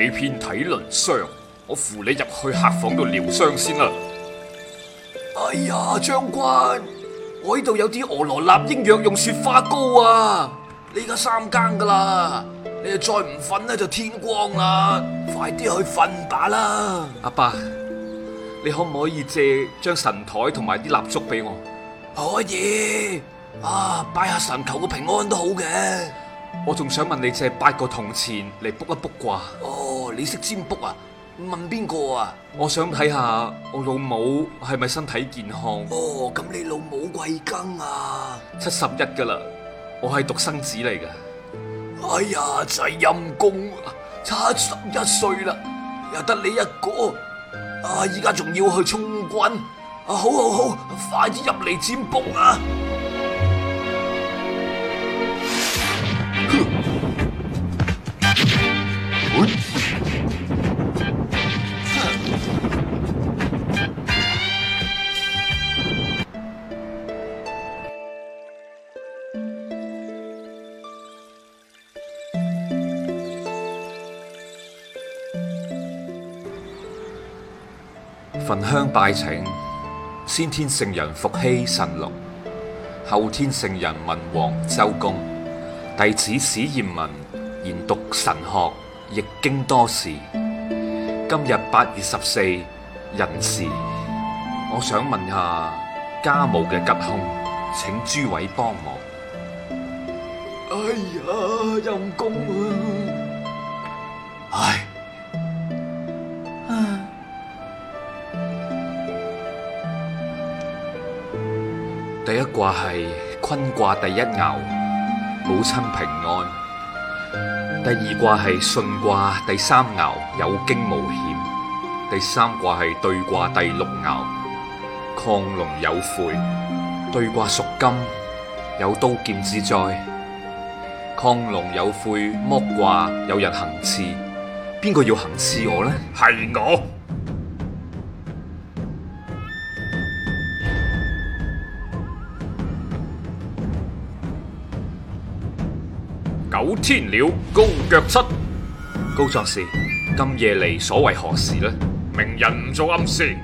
你片體鱗傷，我扶你入去客房度療傷先啦。哎呀，將軍，我呢度有啲俄羅納英藥用雪花膏啊！你而家三更噶啦，你又再唔瞓咧就天光啦，快啲去瞓吧啦！阿伯，你可唔可以借張神台同埋啲蠟燭俾我？可以啊，拜下神求個平安都好嘅。我仲想問你借八個銅錢嚟，卜一卜啩。哦,你識占卜啊？問邊個啊？我想睇下我老母係咪身體健康。哦，咁你老母貴庚啊？七十一噶啦，我係獨生子嚟噶。哎呀，就係陰公，七十一歲啦，又得你一個，啊，依家仲要去充軍，啊，好好好，快啲入嚟占卜啊！焚香拜請先天聖人伏羲神龍，後天聖人文王周公，弟子史艷文，研讀神學，易經多時。今日八月十四人時，我想問下家務嘅吉凶，請諸位幫忙。哎呀，任公，啊。嗯第一卦係坤卦第一爻，母親平安。第二卦係巽卦第三爻，有驚無險。第三卦係兌卦第六爻，亢龍有悔。兌卦屬金，有刀劍之災。亢龍有悔，剝卦有人行刺。邊個要行刺我呢？係我。九天了，高腳七，高壯士，今夜嚟所為何事呢？明人唔做暗事，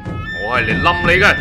我係嚟冧你嘅。